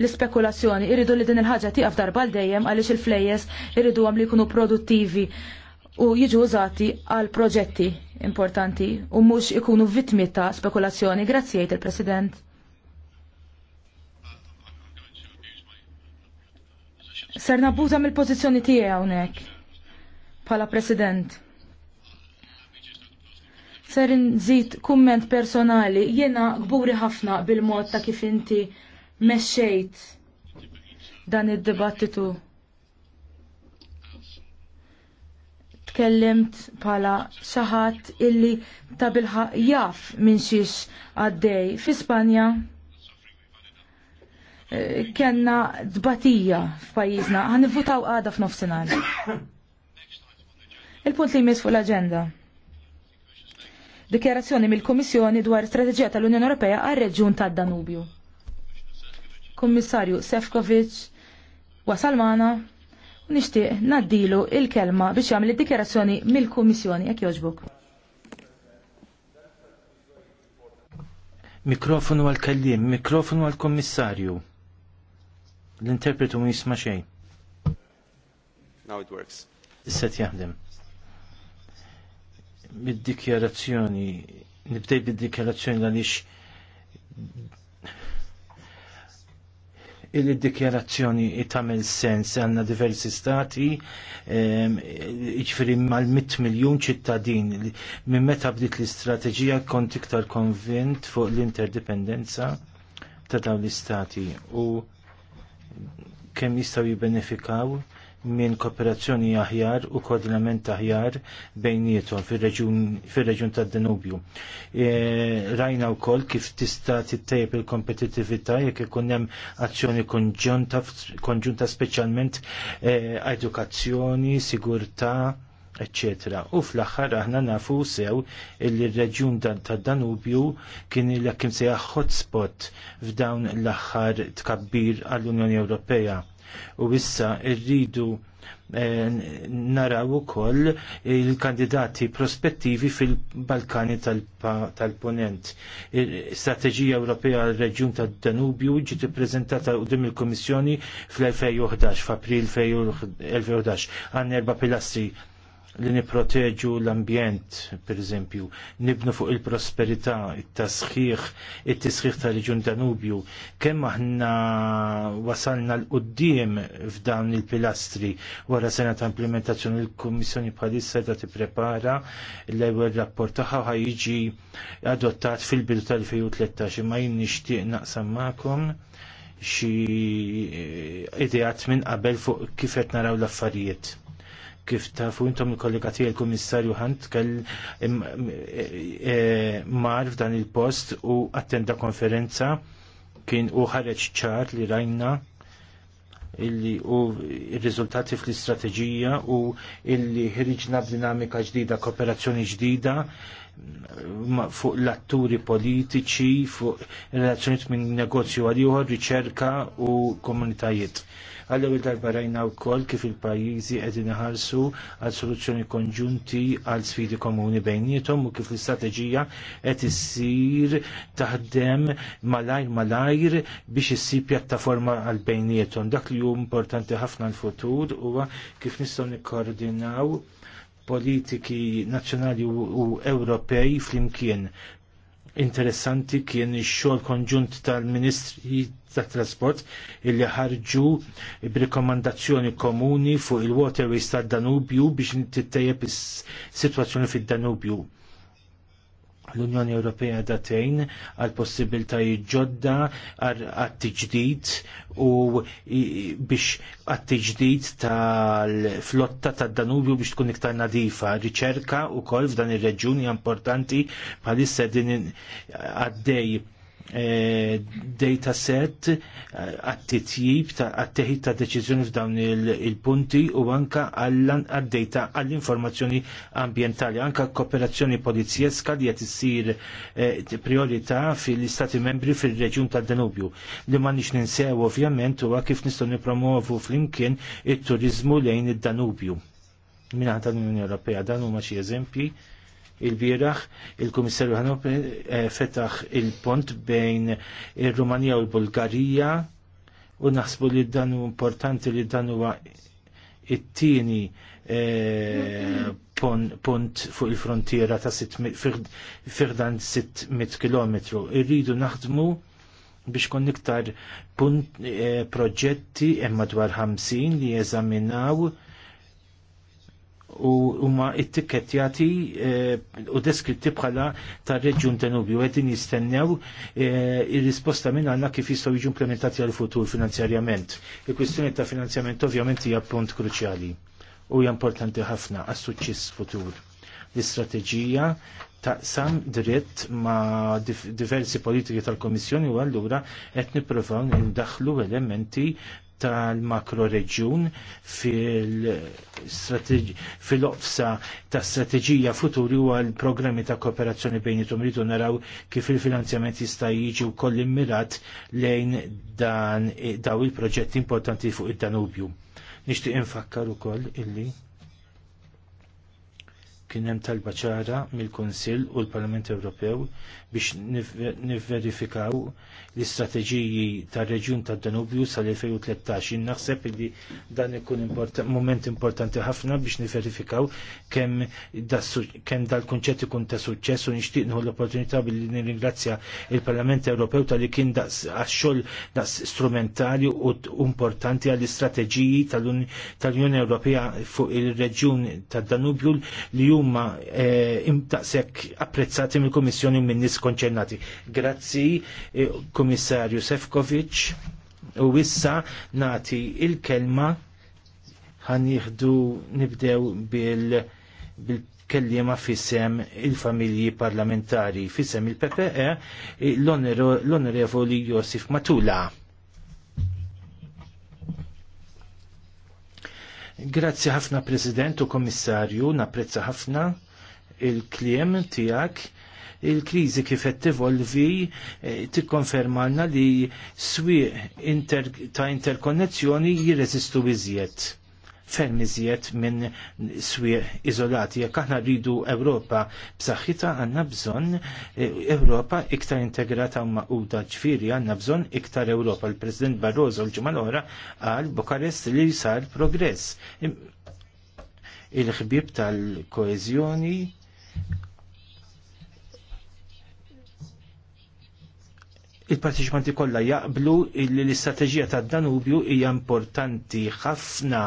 l-spekulazzjoni, irridu li din il-ħagġa tiqaf darba l-dejjem għaliex il-flejjes irridu għam li jkunu produttivi u jiġu użati għal proġetti importanti u mhux ikunu vittmi ta' spekulazzjoni. Grazzi jgħid il-President. Ser nabuża mill-pożizzjoni tiegħi hawnhekk bħala President. Ser nżid kumment personali, jiena gburi ħafna bil-mod ta' kif inti mexxejt dan id-dibattitu. Tkellimt pala xaħat illi ta' bilħaq jaf minn xiex għaddej. Fi Spanja eh, kenna dbatija f'pajjiżna, għan votaw għada f'nofsinhar. Il-punt li jmiss fuq l-agenda. Dikjarazzjoni mill-Komissjoni dwar strateġija tal-Unjoni Ewropea għar-Reġjun tad-Danubju. Kummissarju Sefkovic wasalmana u nixtieq naddilu il-kelma biex jagħmel id-dikjarazzjoni mill-Kummissjoni jekk jogħġbok. Mikrofonu għal kellim, mikrofonu għal kommissarju. L-interpretu ma jisma xejn. Now it works. Isset jaħdem. Bid-dikjarazzjoni, nibdej bid-dikjarazzjoni għaliex il-dikjerazzjoni tagħmel sens għandna diversi stati ehm, ġifiri mal-100 miljun ċittadin minn meta bdiet l-istrateġija kont iktar konvint fuq l-interdipendenza ta' dawn l-istati u kemm jistgħu jibbenefikaw minn kooperazzjoni aħjar u koordinament aħjar bejnietom fil-reġun tad Danubju. E, rajna u koll kif tista tittejb il-kompetitivita jek hemm azzjoni konġunta specialment e, edukazzjoni, sigurta, etc. U fl-axħar aħna nafu sew il reġjun tad Danubju kien il-jakim sejja hotspot f'dawn l-axħar tkabbir għall-Unjoni Ewropea U issa rridu naraw ukoll il-kandidati prospettivi fil-Balkani tal-Ponent. Strateġija Ewropea għal reġjun tad Danubju ġiet ippreżentata dim il-Kummissjoni fl-2011 f'April 2011 għan erba' pilastri li niproteġu l-ambjent, per eżempju, nibnu fuq il-prosperità, it-tasħiħ, it-tisħiħ ta' reġun Danubju, kemm aħna wasalna l-qoddim f'dawn il-pilastri wara sena ta' implementazzjoni l-Kummissjoni bħalissa ta' tipprepara l-ewwel rapport tagħha ħajġi adottat fil-bidu tal-2013 ma jien nixtieq naqsam magħkom xi ideat minn qabel fuq kif qed naraw l-affarijiet kif tafu intom il-kollega tiegħi il-Kummissarju Hunt kell e- e- mar f'dan il-post u attenda konferenza kien u ħareġ ċar li rajna illi u il-riżultati fl-istrateġija u illi ħriġna b'dinamika ġdida, kooperazzjoni ġdida fuq l-atturi politiċi, fuq relazzjoniet minn negozju għal riċerka u komunitajiet. Għall-ewwel darba rajna wkoll kif il-pajjiżi qegħdin iħarsu għal soluzzjoni konġunti għal sfidi komuni bejnietom u kif l-istrateġija qed issir taħdem malajr malajr biex issir pjattaforma għal bejnietom. Dak li hu importanti ħafna l-futur huwa kif nistgħu nikkoordinaw politiki nazzjonali u Ewropej flimkien. Interessanti kien ix-xogħol konġunt tal-Ministri tat-Trasport illi ħarġu b'rikomandazzjoni komuni fuq il-waterways tad-Danubju biex nittejjeb is-sitwazzjoni fid-Danubju. L-Unjoni Ewropea datejn għal possibiltajiet ġodda għat-tiġdid u biex għat tal-flotta tad-Danubju biex tkun iktar nadifa. Riċerka u kolf f'dan ir-reġjun importanti bħalissa din għaddej E, data set e, għat-titjib għat-teħid ta' deċiżjoni f'dawn il-punti u anka għall-data għall-informazzjoni ambientali, anka kooperazzjoni polizjeska li qed issir e, priorità fil-Istati membri fil-Reġjun tad-Danubju. Li ma nix ninsew ovvjament huwa kif nistgħu nippromovu flimkien il turizmu lejn id-Danubju. Minħata l-Unjoni Ewropea dan huma xi eżempji il-biraħ il-Kummissarju Hanop eh, fetaħ il-pont bejn il-Rumanija u l-Bulgarija u naħsbu li dan u importanti li dan huwa it-tieni eh, pont fuq il-frontiera ta' firdan 600 km. Irridu naħdmu biex kon iktar eh, proġetti hemm madwar 50 li jeżaminaw u huma ittikkettjati eh, u deskritti bħala tar-Reġjun Danubju Għedin jistennew eh, ir-risposta minn għandna kif jistgħu jiġu implementati għal futur finanzjarjament. Il-kwistjoni ta' finanzjament ovvjament hija punt kruċjali u hija importanti ħafna għas suċċis futur. L-istrateġija taqsam dritt ma diversi politiki tal-Komissjoni u allura qed nippruvaw nindaħlu elementi tal-makro reġjun fil-ofsa ta' strateġija futuri u għal programmi ta' kooperazzjoni bejnietom rridu naraw kif il-finanzjament jista' jiġi wkoll immirat lejn dan daw il-proġetti importanti fuq id-Danubju. Nixtieq infakkar ukoll illi kien hemm talba ċara mill-Kunsill u l-Parlament Ewropew biex nifverifikaw l-istrateġiji tar-Reġjun tad-Danubju sal-2013. Naħseb li dan ikun moment importanti ħafna biex nifverifikaw kemm kemm dal-kunċett ikun ta' suċċess u nixtieq nieħu l-opportunità billi nirringrazzja il-Parlament Ewropew tal-li kien għax-xogħol daqs strumentali u importanti għall-istrateġiji tal-Unjoni Ewropea fuq ir reġjun tad-Danubju li hu huma eh, imtaqsek apprezzati mill-Kummissjoni minn nies konċernati. Grazzi, eh, komissarju Sefkovic, u issa nati il-kelma jihdu nibdew bil, bil kellima fissem il-familji parlamentari, fissem il-PPE, l-onorevoli Josif Matula. Grazzi ħafna President u Komissarju, napprezza ħafna il-kliem tijak il-krizi qed tivolvi e, tikkonfermalna li swieq inter ta' interkonnezzjoni jirreżistu iżjed ferm iżjed minn swieq iżolati. Jekk aħna rridu Ewropa b'saħħitha għandna bżonn eh, Ewropa iktar integrata u maquda ġifieri għandna bżonn iktar Ewropa. Il-President Barroso l-ġimgħa l oħra qal Bukarest li sar progress. Il-ħbieb tal-koeżjoni il-partiċipanti kollha jaqblu li l-istrateġija tad Danubju hija importanti ħafna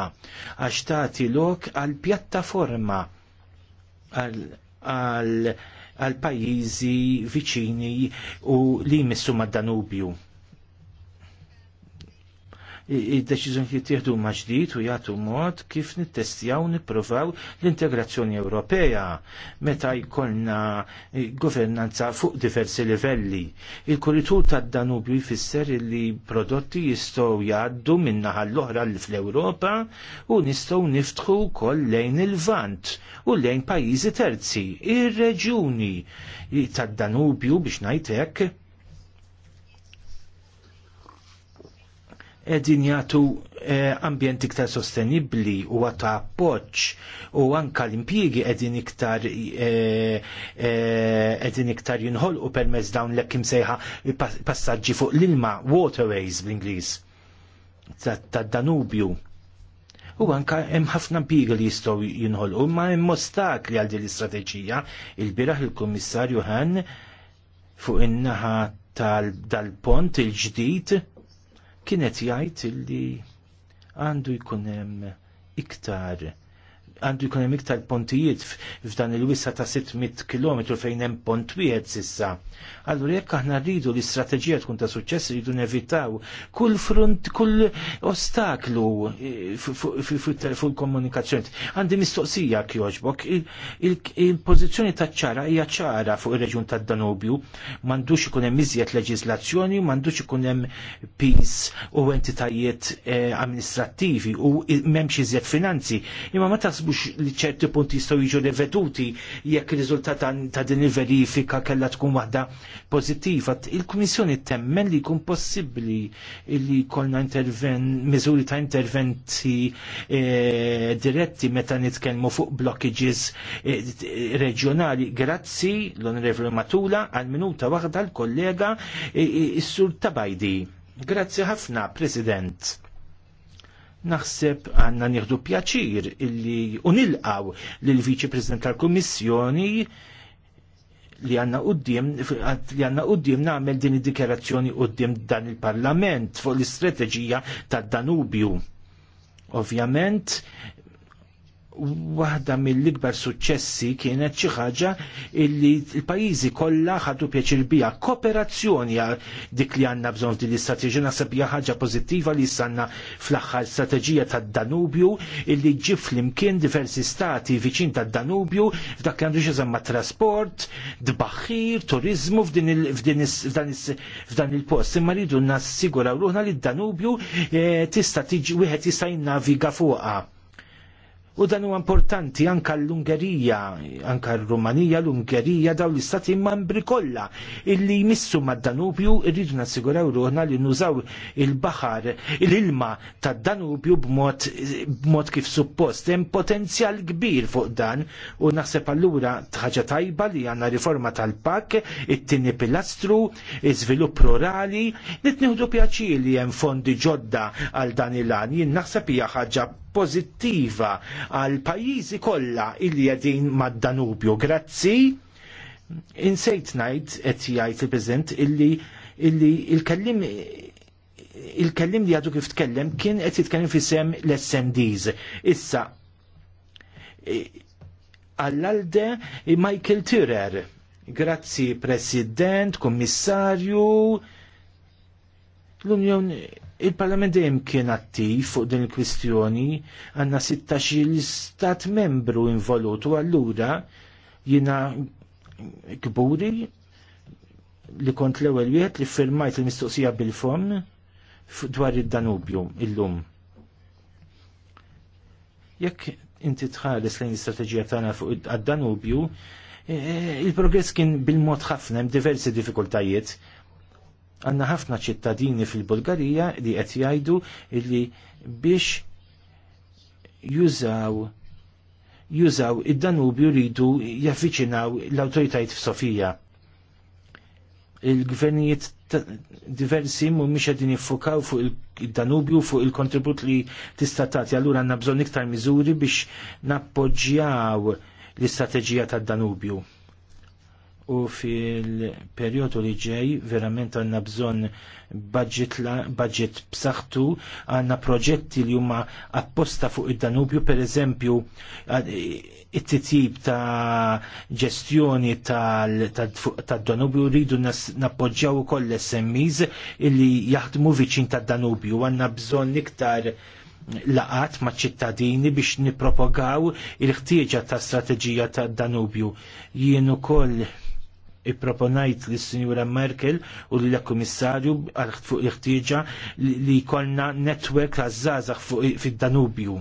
għax tagħti lok għal pjattaforma għal pajjiżi viċini u li jmissu mad-Danubju id deċizjoni li tieħdu ma ġdid u jagħtu mod kif nittestjaw nippruvaw l-integrazzjoni Ewropea meta jkollna eh, governanza fuq diversi livelli. Il-kuritur tad-Danubju jfisser li prodotti jistgħu jgħaddu minnaħa naħa l-oħra fl-Ewropa u nistgħu niftħu wkoll lejn il-Vant u lejn pajjiżi terzi, ir-reġjuni tad-Danubju biex ngħid hekk edin jagħtu eh, ambjent iktar sostenibbli u għata appoġġ u anka l-impjiegi qegħdin iktar qegħdin eh, eh, iktar jinħolqu permezz dawn l sejħa passaġġi fuq l-ilma waterways bl-Ingliż tad Danubju. U anka hemm ħafna impjiegi li jistgħu jinħolqu, ma hemm ostakli għal din l-istrateġija. Il-biraħ il-Kummissarju Han fuq in-naħa tal-pont il-ġdid kienet jgħid li għandu jkun hemm iktar għandu jkun hemm iktar pontijiet f'dan il-wissa ta' 600 km fejn hemm pont wieħed sissa Allura jekk aħna rridu l-istrateġija tkun ta' suċċess rridu nevitaw kull front, kull ostaklu eh, fuq il-komunikazzjoni. Għandi mistoqsija kjoġbok, il-pożizzjoni ta' ċara hija ċara fuq ir-reġjun tad-Danubju, m'għandux ikun hemm iżjed leġislazzjoni, m'għandux ikun hemm pis u entitajiet eh, amministrattivi u m'hemmx iżjed finanzi. Imma ma taħsbux li ċerti punti jistgħu jiġu reveduti jekk ir-riżultat ta' din il-verifika kellha tkun waħda pozittiva. Il-Kummissjoni temmen li jkun possibbli li jkollna miżuri ta' interventi eh, diretti meta nitkellmu fuq blockages e, reġjonali. Grazzi l-Onorevoli Matula għal-minuta waħda l-kollega eh, is-Sur Tabajdi. Grazzi ħafna, President naħseb għanna nieħdu pjaċir illi unilqaw lill viċi President tal kummissjoni li għanna uddim, li għanna uddim namel din id dikarazzjoni uddim dan il-parlament fuq l-istrateġija ta' Danubju. Ovvjament, waħda mill-ikbar suċċessi kienet xi ħaġa li l-pajjiżi kollha ħadu pjaċir biha kooperazzjoni għal dik li għandna bżonn din l-istrateġija naħseb hija ħaġa pożittiva li sanna fl-aħħar strateġija tad-Danubju illi ġib flimkien diversi stati viċin tad-Danubju f'dak li għandu xi ma' trasport, dbaħħir, turizmu f'dan il-post. Imma rridu nassiguraw ruħna li d-Danubju eh, tista' tiġi wieħed jista' jinnaviga fuqha U dan huwa importanti anka l-Ungerija, anka l-Rumanija, l-Ungerija, daw l-istati membri kollha illi jmissu mad-Danubju irridu nassiguraw ruħna li nużaw il-baħar, l-ilma tad-Danubju b'mod kif suppost. Hemm potenzjal kbir fuq dan u naħseb allura ħaġa tajba li għandna riforma tal-pak, it-tieni pilastru, iżvilupp rurali, nitnieħdu pjaċi li hemm fondi ġodda għal dan il-għan. Jien naħseb hija ħaġa pożittiva għal pajjiżi kollha illi jedin mad-Danubju. Grazzi. Insejt ngħid qed jgħid il prezent illi il-kellim il-kellim li għadu kif tkellem kien qed jitkellem fi sem l-SMDs. Issa e, għall-alde e, Michael Turer, Grazzi President, Kommissarju, l-Unjoni Il-Parlament dejjem kien attiv fuq din il-kwistjoni għandna 16 stat membru involutu allura kburi li kont l-ewwel wieħed li firmajt il-mistoqsija bil-fom dwar id-Danubju illum. Jekk inti tħares lejn l-istrateġija tagħna fuq id danubju eh, il-progress kien bil-mod ħafna, hemm diversi diffikultajiet, Għanna ħafna ċittadini fil-Bulgarija li qed jgħidu li biex jużaw jużaw id-Danubju jridu jaffiċinaw l-autoritajt f'Sofija. Il-gvernijiet diversi mhumiex qegħdin jiffukaw fuq il-Danubju fuq il-kontribut li tista' tagħti allura għandna bżonn iktar miżuri biex nappoġġjaw l-istrateġija tad-Danubju u fil-periodu li ġej verament għanna bżon budget b'saħħtu għanna proġetti li huma apposta fuq id-Danubju per eżempju it-titjib ta' ġestjoni tad-Danubju rridu nappoġġaw ukoll l-SMEs illi jaħdmu viċin tad-Danubju għanna bżon iktar laqat ma' ċittadini biex nipropagaw il-ħtieġa ta' strateġija ta' Danubju. Jien ukoll ipproponajt li s-Sinjura Merkel u li l-Komissarju fuq iħtieġa ħtieġa li jkollna netwerk għazzazax fid-Danubju.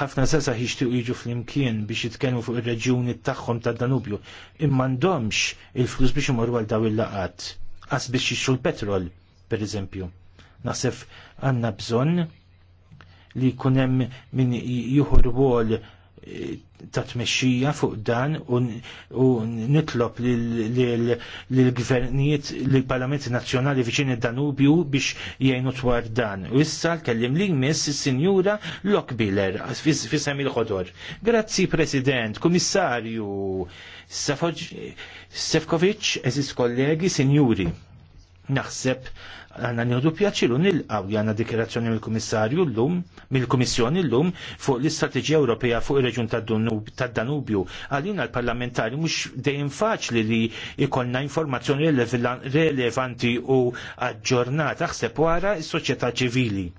ħafna sasa jixtiequ jiġu fl-imkien biex jitkellmu fuq ir-reġjuni tagħhom tad-Danubju, imma m'għandhomx il-flus biex imorru għal daw il-laqat, qas biex jixxu l-petrol, pereżempju. Naħseb għandna bżonn li jkun hemm min juhu rwol ta' tmexxija fuq dan u nitlob lill-gvernijiet lill-Parlamenti Nazzjonali viċin id-Danubju biex jgħinu twar dan. U issa kellim li jmiss is-Sinjura Lokbiller, fisem il-ħodor. Grazzi President, Komissarju, Sefkovic, eżis kollegi, Sinjuri. Naħseb għanna njodu pjaċilu nil-għaw għanna dikirazzjoni mill-Komissarju l-lum, mill-Komissjoni l-lum fuq l-Istrateġija Ewropea fuq il-Reġun tad-Danubju. Għalina l-parlamentari mux dejjem faċli li ikonna informazzjoni relevanti u aġġornata ħseb wara s-soċjetà ċivili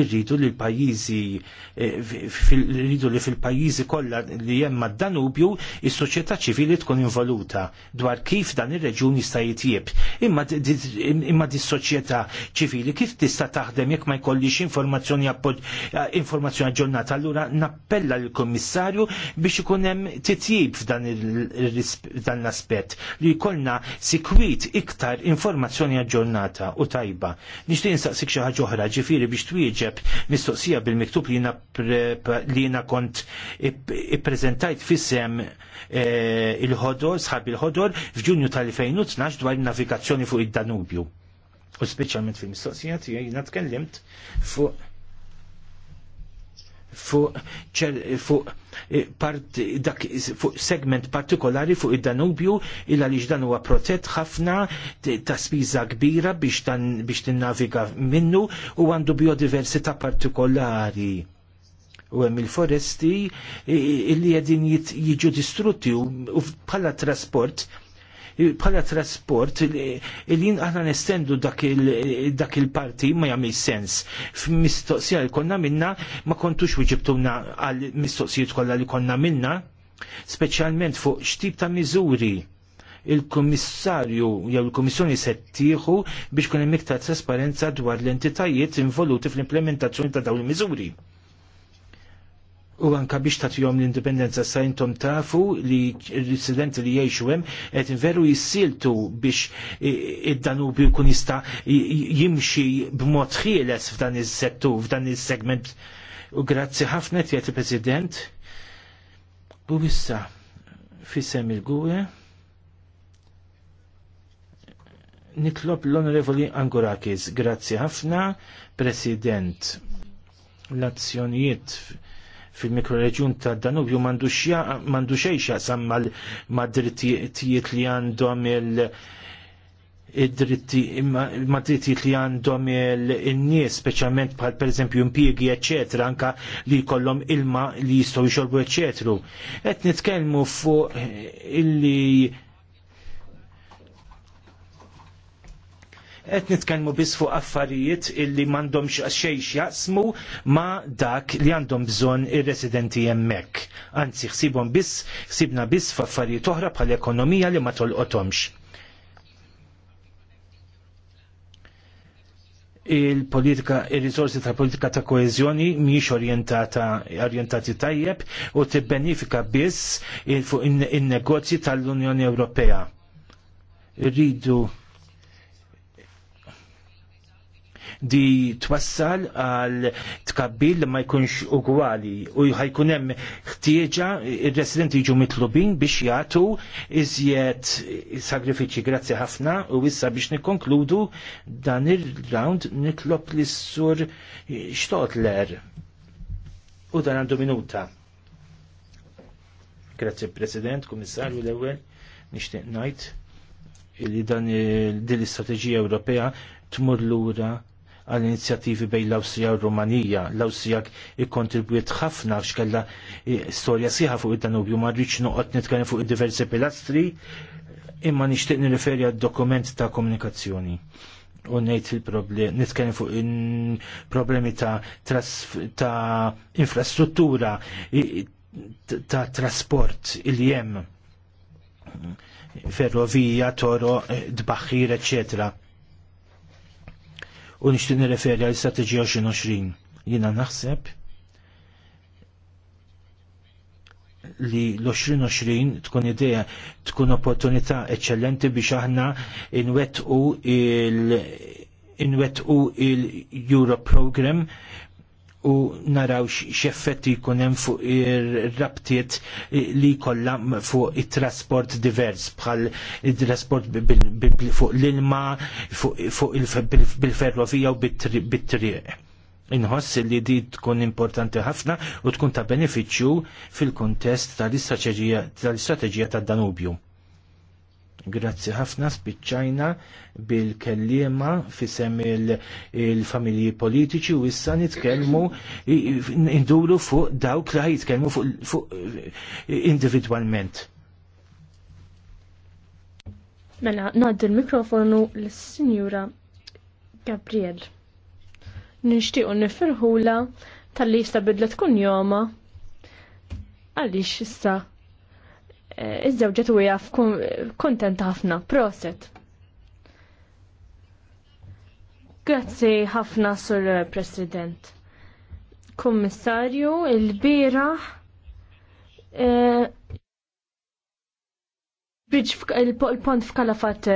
irridu li l-pajjiżi eh, irridu li fil-pajjiżi kollha li hemm mad-Danubju is-soċjetà ċivili tkun involuta dwar kif dan ir-reġjun jista' jitjieb. Imma dis soċjetà ċivili kif tista' taħdem jekk ma jkollix informazzjoni eh, informazzjoni aġġornata. Allura nappella lill-Kummissarju biex ikun hemm titjib f'dan l-aspett li jkollna sikwit iktar informazzjoni aġġornata u tajba. Nixtieq nistaqsik xi ħaġa oħra ġifieri biex twieġeb nwieġeb mistoqsija bil-miktub li jina kont ippreżentajt fissem eh, il-ħodor, sħab il-ħodor f'Ġunju tal-2012 dwar il-navigazzjoni fuq id-Danubju. U speċjalment fil-mistoqsija tiegħi jina tkellimt fuq fuq fu, eh, part fu segment partikolari fuq id-Danubju il għaliex dan huwa protett ħafna ta' spiża kbira biex dan biex tinnaviga minnu u għandu biodiversità partikolari u hemm il-foresti illi qegħdin jiġu distrutti u bħala trasport bħala trasport il aħna nestendu dak il-parti ma jagħmel sens. F'mistoqsija li konna minna ma kontux wieġibtuna għal mistoqsijiet kollha li konna minna, speċjalment fuq x'tip ta' miżuri il-Kummissarju jew il-Kummissjoni se tieħu biex kun hemm iktar trasparenza dwar l-entitajiet involuti fl-implementazzjoni ta' dawn il-miżuri u anka biex tatjom l-indipendenza sa jintom tafu li r-residenti li jiexu hemm qed veru jissiltu biex id-Danubi jkun jista' jimxi b'mod ħieles f'dan is-settur, f'dan is-segment. U grazzi ħafna tiegħek il-President. U issa fisem il-gwe nitlob l-Onorevoli Angurakis. Grazzi ħafna, President. L-azzjonijiet fil-mikroreġjun ta' Danubju mandu xejxa samma mad-drittijiet li għandhom il- id-drittijiet li għandhom il-nies, speċjalment bħal pereżempju impjiegi, eċetera, anka li jkollhom ilma li jistgħu jxorbu, eċetru. Qed nitkellmu fuq illi qed nitkellmu biss fuq affarijiet illi m'għandhomx xejn jaqsmu ma' dak li għandhom bżonn ir-residenti hemmhekk. Anzi, ħsibhom biss, ħsibna biss f'affarijiet oħra bħal ekonomija li ma tolqothomx. il-politika, il-risorsi ta' politika ta' koezjoni miex orientata, orientati tajjeb u t-benifika biss il-negozji tal-Unjoni Ewropea. Rridu di twassal għal tkabbil li ma jkunx ugwali u ħajkun hemm ħtieġa ir-residenti jiġu mitlubin biex jagħtu iżjed sagrifiċi. Grazzi ħafna u issa biex nikkonkludu dan ir-round nitlob lis sur Stotler. U dan għandu minuta. Grazzi President, Kummissarju l-ewwel, nixtieq ngħid li dan din l-istrateġija Ewropea tmur lura għal inizjativi bejn l-Awstrija u Rumanija. L-Awstrija ikkontribwiet ħafna x'kella eh, storja sieħa fuq id-Danubju ma rridx noqgħod nitkellem fuq id-diversi pilastri imma nixtieq nirriferi għad dokument ta' komunikazzjoni u ngħid il-problem nitkellem fuq problemi ta', ta infrastruttura ta' trasport il-jem ferrovija, toro, eh, dbaħħir, eccetera u nishtin nirreferi għal strateġija 2020. Jiena naħseb li l-2020 tkun idea tkun opportunità eċċellenti biex aħna inwettqu il inwettqu il-Euro Program u naraw x'effetti jkun hemm fuq ir-rabtiet li kollha fuq it-trasport divers bħal it-trasport fuq l-ilma, fuq bil-ferrovija u bit-triq. Inħoss li di tkun importanti ħafna u tkun ta' benefiċċju fil-kontest tal-istrateġija tad-Danubju. Grazzi ħafna spiċċajna bil-kellima fisem il-familji politiċi u issa nitkellmu induru fuq dawk li jitkellmu fuq eh, individwalment. Mela, naddi l-mikrofonu l-Sinjura Gabriel. Nishtiqu nifirħula tal-li jistabidlet bidlet kun joma għalix jista' iż-żewġet u jaf kontent ħafna. Proset. Grazzi ħafna sur President. Kommissarju, il bira eh, il-pont f'kalafat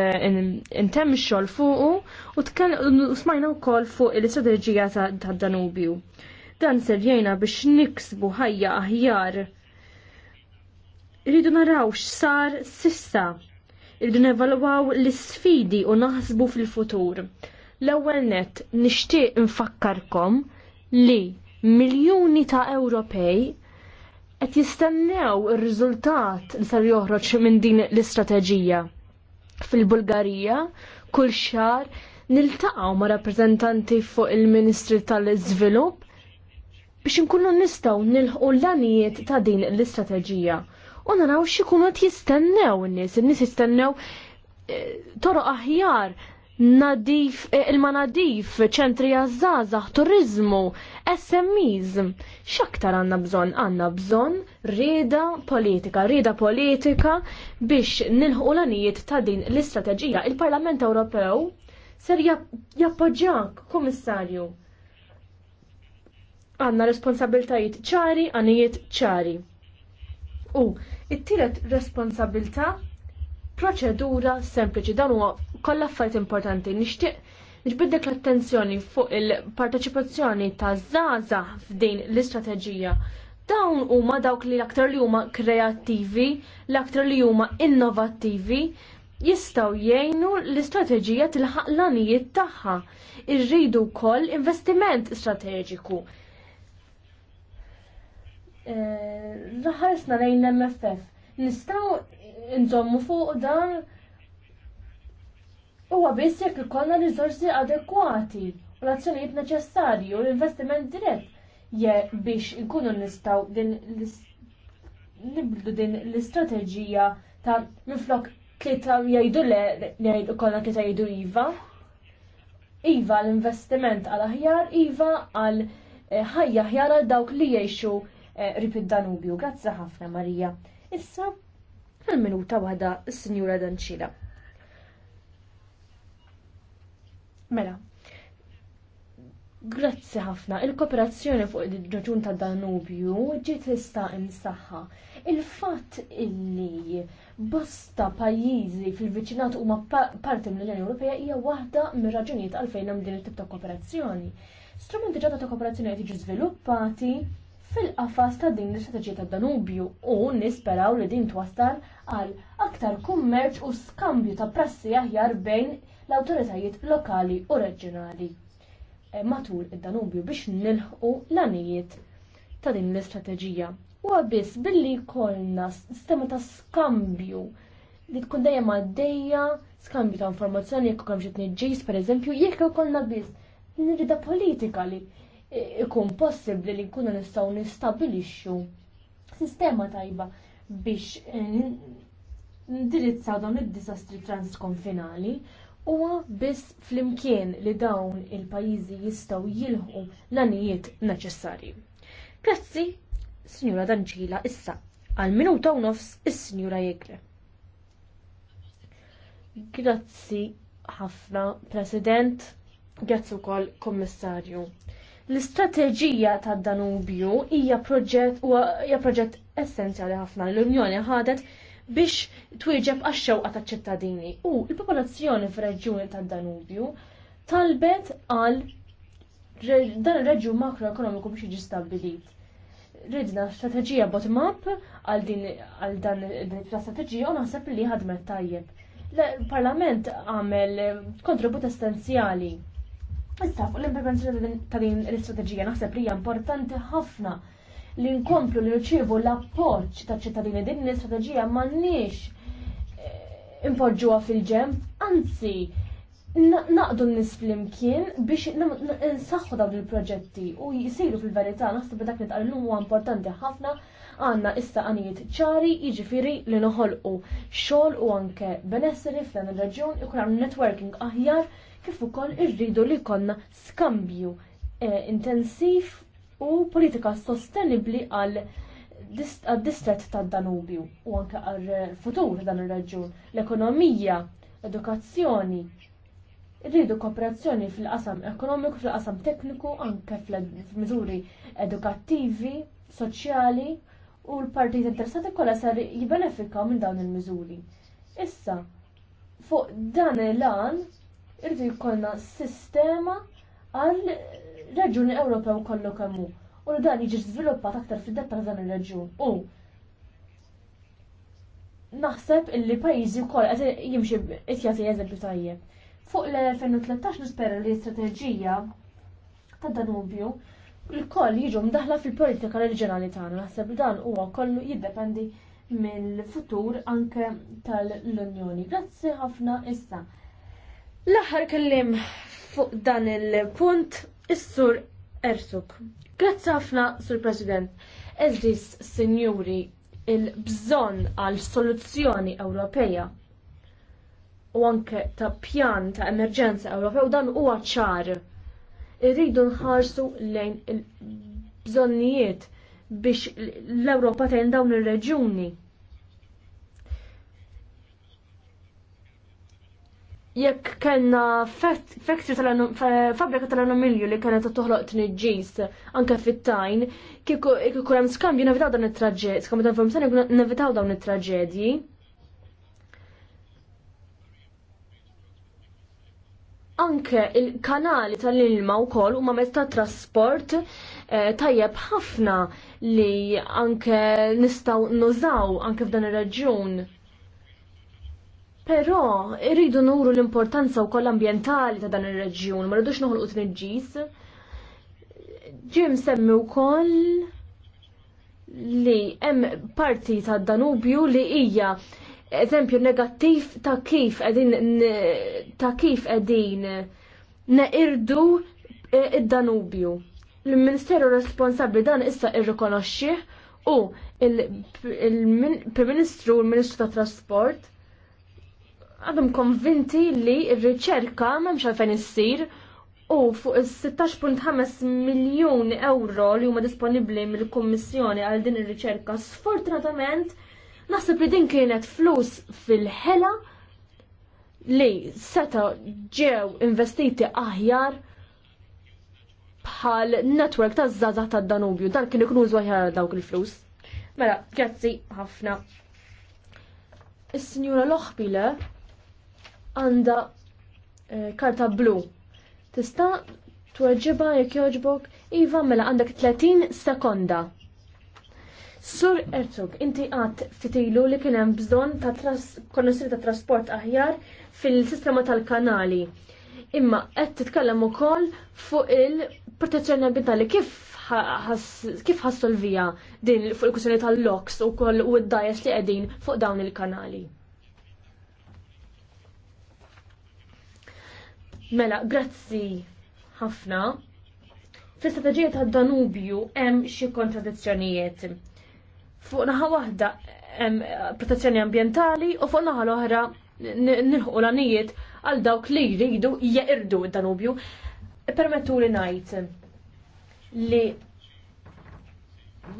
intem xol fuq u smajna wkoll fuq il istrateġija ta' Danubju. Dan serjena biex niksbu ħajja aħjar Irridu naraw x'sar sissa. Irridu nevalwaw l-sfidi u naħsbu fil-futur. L-ewwel net nixtieq nfakkarkom li miljuni ta' Ewropej qed jistennew ir-riżultat li sar joħroġ minn din l-istrateġija. Fil-Bulgarija kull xar niltaqgħu ma' rappreżentanti fuq il-Ministri tal-Iżvilupp biex inkunu nistgħu nilħu l anijiet ta' din l-istrateġija u naraw xikunu jistennew n-nis, n-nis jistennew eh, toru aħjar, nadif, eh, il-manadif, ċentri għazzazax, turizmu, SMEs. Xaktar għanna bżon? Għanna bżon rida politika, rida politika biex nilħu l-anijiet ta' din l-istrateġija. Il-Parlament Ewropew ser jappoġġjak, komissarju. Għanna responsabiltajiet ċari, għanijiet ċari. U It-tielet responsabilità proċedura sempliċi dan huwa kollha affarijiet importanti. Nixtieq niġbiddek l-attenzjoni fuq il-parteċipazzjoni ta' żgħażagħ f'din l-istrateġija. Dawn huma dawk li l-aktar li huma kreattivi, l-aktar li huma innovattivi, jistaw jgħinu l-istrateġija tilħaq l-anijiet tagħha. Irridu wkoll investiment strateġiku ħarsna lejn l-MFF. Nistaw nżommu fuq dan huwa biss jekk ikollna rizorsi adekwati u l-azzjonijiet neċessarji u l-investiment dirett biex nkunu nistaw din nibdu din l-istrateġija ta' minflok tlieta jgħidu le jgħidu kollha tlieta jgħidu iva. Iva l-investiment għal aħjar, iva għal ħajja ħjar għal dawk li jgħixu Eh, rib id-Danubju. Grazzi ħafna Marija. Issa għal-minuta waħda s-Sinjura Danċila. Mela, Grazzi ħafna. Il-kooperazzjoni fuq il-ġaġun ta' Danubju ġiet tista' imsaħħa. Il-fatt illi bosta pajjiżi fil-viċinat huma parti mill-Unjoni Ewropea hija waħda mir-raġunijiet għalfejn hemm din it-tip ta' kooperazzjoni. Strumenti ġodda ta' kooperazzjoni qed jiġu żviluppati fil-qafas ta' din l-istrateġija ta' Danubju u nisperaw li din twassal għal aktar kummerċ u skambju ta' prassi aħjar bejn l-awtoritajiet lokali u reġjonali eh, matul id-Danubju biex nilħqu l-anijiet ta' din l-istrateġija. U għabis billi kolna sistema ta' skambju li tkun dejjem għaddejja, skambju ta' informazzjoni jekk kemm xi tniġġis pereżempju, jekk ukoll biss nirrida politika li ikun possibbli li nkunu nistgħu nistabilixxu sistema tajba biex eh, indirizzaw dawn id-disastri transkonfinali huwa biss flimkien li dawn il-pajjiżi jistgħu jilħu l-anijiet neċessarji. Grazzi, Sinjura Danġila, issa għal minuta u nofs is-Sinjura Jegle. Grazzi ħafna, President, grazzi wkoll Kommissarju. L-istrateġija ta' Danubju hija proġett essenzjali ħafna l-Unjoni ħadet biex twieġeb għax-xewqa taċ-ċittadini u l-popolazzjoni fir-reġjuni danubju talbet għal dan ir-reġjun makroekonomiku biex jiġi stabbilit ridna strateġija bottom-up għal din għal dan l-strateġija u naħseb li ħadmet tajjeb. Il-Parlament għamel kontribut essenzjali Issa fuq l-implementazzjoni ta' din l-istrateġija naħseb li hija importanti ħafna li nkomplu li nirċievu l-appoġġ ta' ċittadini din l-istrateġija m'għandniex eh, impoġġuha fil ġem anzi naqdu n-nis fl-imkien biex nsaxħu dawn il-proġetti u jisiru fil-verità naħseb li dak li tqallum huwa importanti ħafna għandna issa għanijiet ċari jiġifieri li noħolqu xogħol u anke benesseri f'dan ir-reġjun ikun networking aħjar kif ukoll irridu li jkollna skambju eh, intensiv u politika sostenibbli għal għad-distret tad danubju u anke għal futur dan ir-raġun, l-ekonomija, edukazzjoni. Rridu kooperazzjoni fil-qasam ekonomiku, fil-qasam tekniku, anke fil-miżuri edukattivi, soċjali u l-partijiet interessati kollha ser jibbenefikaw minn dawn il-miżuri. Issa, fuq dan il-lan irridu jkollna sistema għal reġuni Ewropew kollu kemm hu. U li dan jiġi żviluppat aktar fid-dettal dan ir-reġjun. U naħseb illi pajjiżi wkoll qed jimxi qed jagħti eżempju tajjeb. Fuq l-2013 nispera li strateġija ta' Danubju l-koll jiġu mdaħla fil-politika reġjonali tagħna. Naħseb dan huwa kollu jiddependi mill-futur anke tal-Unjoni. Grazzi ħafna issa. L-aħħar kellim fuq dan il-punt is-sur Ersuk. Grazzi ħafna, Sur President. Eżis, Sinjuri, il-bżon għal soluzzjoni Ewropeja u anke ta' pjan ta' emerġenza Ewropew dan huwa ċar. Irridu nħarsu lejn il-bżonnijiet biex l-Ewropa tgħin dawn ir-reġuni. jekk kena factory tal-fabrika tal-anomilju li kienet toħloq t-nġis anke fit-tajn, kieku hemm skambju nevitaw dawn it-traġedji, skambju ta' informazzjoni nevitaw dawn it-traġedji. Anke il-kanali tal-ilma wkoll huma ma ta' trasport eh, tajjeb ħafna li anke nistgħu nużaw anke f'dan ir-raġun. Però irridu nuru l-importanza wkoll ambjentali ta' dan ir-reġjun, ma rridux noħolqu tniġġis. Ġim semmi wkoll li hemm parti ta' Danubju li hija eżempju negattiv ta' kif qegħdin ta' kif qegħdin neqirdu e, id-Danubju. L-Ministeru responsabbli dan issa irrikonoxxih u il-Prim Ministru u l-Ministru tat Trasport għadhom konvinti li r-riċerka m'hemmx għalfejn issir u fuq is-16.5 miljun euro li huma disponibbli mill-Kummissjoni għal din ir-riċerka sfortunatament naħseb li din kienet flus fil-ħela li seta ġew investiti aħjar bħal netwerk ta' zazah ta' Danubju, dan kien iknużu zwaħjar dawk il-flus. Mela, grazzi ħafna. Is-Sinjura Loħbile għandha eh, karta blu. Tista' tweġiba jekk jogħġbok, iva mela għandek 30 sekonda. Sur Erzog, inti għat ftitilu li kienem bżon ta' konnessjoni ta' trasport aħjar fil-sistema tal-kanali. Imma qed titkellem ukoll fuq il-protezzjoni ambientali kif ħassolvija din fuq il-kwistjoni tal-loks u koll u d-dajes li qegħdin fuq dawn il-kanali. Mela, grazzi ħafna. Fis-strateġija ta' Danubju hemm xi kontradizzjonijiet. Fuq naħa waħda hemm protezzjoni ambjentali u fuq naħa l-oħra nilħu l-anijiet għal dawk li jridu jeqirdu Danubju. Permettu li ngħid li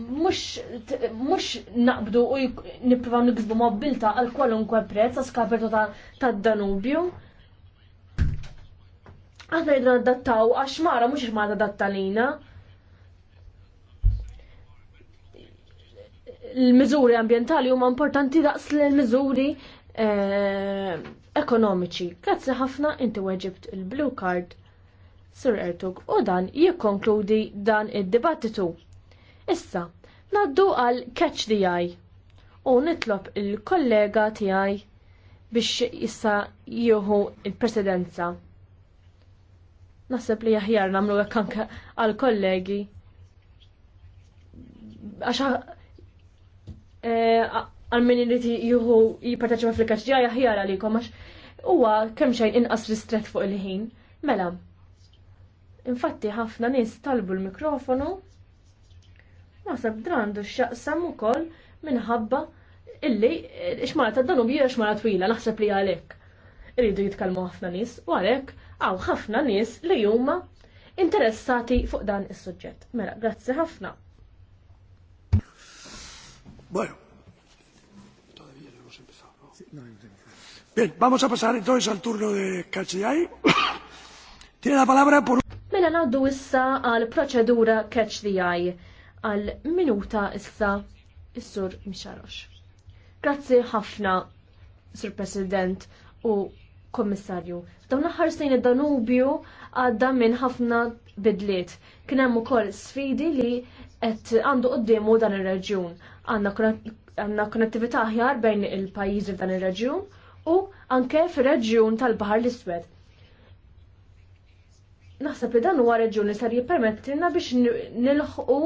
mux naqbdu u nippruvaw nikzbu mobilta għal kwalunkwe prezz kapertu ta' Danubju. Aħna jidna adattaw għax mara mhux mara dattalina. il mizuri ambientali huma importanti daqs l-mizuri eh, ekonomiċi. Grazzi ħafna inti weġibt il-blue card, Sir Ertug, u dan jikkonkludi dan id-dibattitu. Issa, naddu għal catch the eye u nitlob il-kollega tiegħi biex issa jieħu il-presidenza. Naħseb li jahjar nagħmlu hekk anke għal kollegi. Għaxa, eh, għal min irid jieħu jipparteċipa fil-kaċġija aħjar għalikom għax huwa kemm xejn inqas ristret fuq il-ħin. Mela, infatti ħafna nies talbu l-mikrofonu Naħseb drandu x-xaqsam ukoll minħabba illi eh, xmara ta' danubija mara twila, naħseb li għalek. Iridu jitkalmu ħafna nis, u għalek għaw ħafna nies li huma interessati fuq dan is-suġġett. Mela, grazzi ħafna. Bueno. Bien, vamos a pasar entonces al turno de Cachiay. Tiene la palabra por... Mela naddu issa għal proċedura Catch the Eye għal minuta issa is-sur Misharox. Grazzi ħafna, Sur President, u Kommissarju, f'dawn l-aħħar snin id-Danubju għadda minn ħafna bidliet. Kien hemm ukoll sfidi li qed għandu qudiemu dan ir-reġjun. Għandna konnettività aħjar bejn il-pajjiżi f'dan ir-reġjun u anke fir-reġjun tal-Baħar l-Iswed. Naħseb li dan huwa reġjun li ser jippermettilna biex nilħqu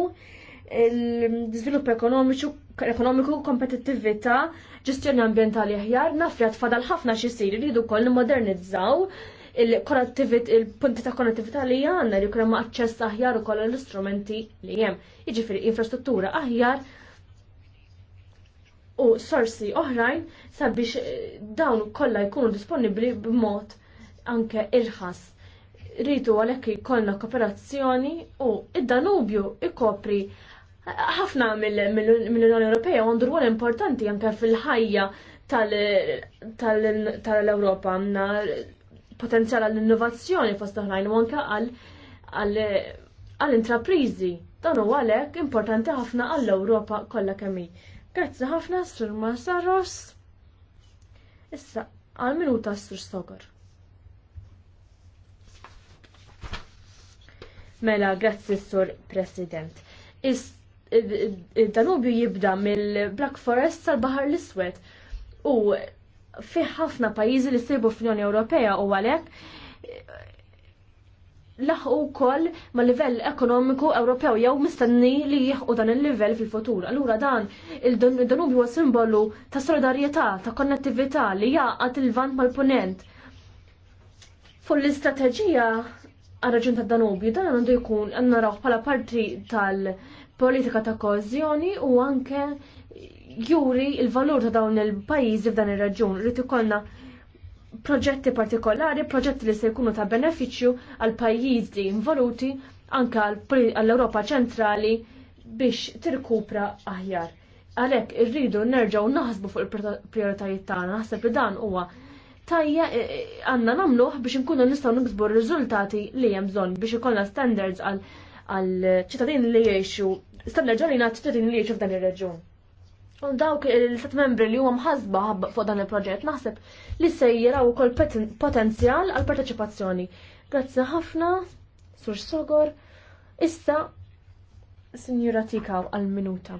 l-żvilupp ekonomiċu ekonomiku, kompetittività, ġestjoni ambientali aħjar, nafjat fadal ħafna ħafna siri li jidu koll modernizzaw il-punti ta' konnettività li għanna li kuna aċċess aħjar u koll l-istrumenti li jem. Iġifiri, infrastruttura aħjar u sorsi oħrajn sabiex eh, dawn kollha jkunu disponibbli b'mod anke irħas. Ritu għalhekk jkollna kooperazzjoni u id-Danubju ikopri ħafna mill-Unjoni Ewropea għandu rwol importanti anke fil-ħajja tal-Ewropa għandna potenzjal għall-innovazzjoni fost oħrajn u anke għall-intraprizi. Dan huwa għalhekk importanti ħafna għall-Ewropa kollha kemm hi. Grazzi ħafna Sur Sarros. Issa għal minuta Sur Sogor. Mela, grazzi Sur President. Is il-Danubju jibda mill-Black Forest sal-Bahar l-Iswed u fi ħafna pajjiżi li sibu fl-Unjoni Ewropea u għalhekk laħu wkoll ma' livell ekonomiku Ewropew jew mistenni li jieħqu dan il-livell fil-futur. Allura dan il-Danubju huwa simbolu ta' solidarjetà, ta' konnettività li jaqgħad il-vant mal-punent. Fuq l-istrateġija għal-raġun tad-Danubju dan għandu jkun għanna raħu bħala parti tal- politika ta' kozjoni u anke juri il-valur ta' dawn il-pajjiżi f'dan ir-raġun. Rrid ikollna proġetti partikolari, proġetti li se jkunu ta' benefiċċju għal pajjiżi involuti anke għall-Ewropa ċentrali biex tirkupra aħjar. Għalek irridu nerġaw naħsbu fuq il-prioritajiet tagħna, naħseb li dan huwa tajja e, e, għanna namluħ biex nkunu nistgħu niksbu r-riżultati li hemm bżonn biex ikollna standards għal ċittadini li jgħixu stabna ġorina t-titin li f'dan il reġjun Un dawk il-set membri li huwa mħazba fuq dan il-proġett naħseb li sejjera u kol potenzjal għal parteċipazzjoni. Grazzi ħafna, sur sogor, issa Signora Tikaw għal-minuta.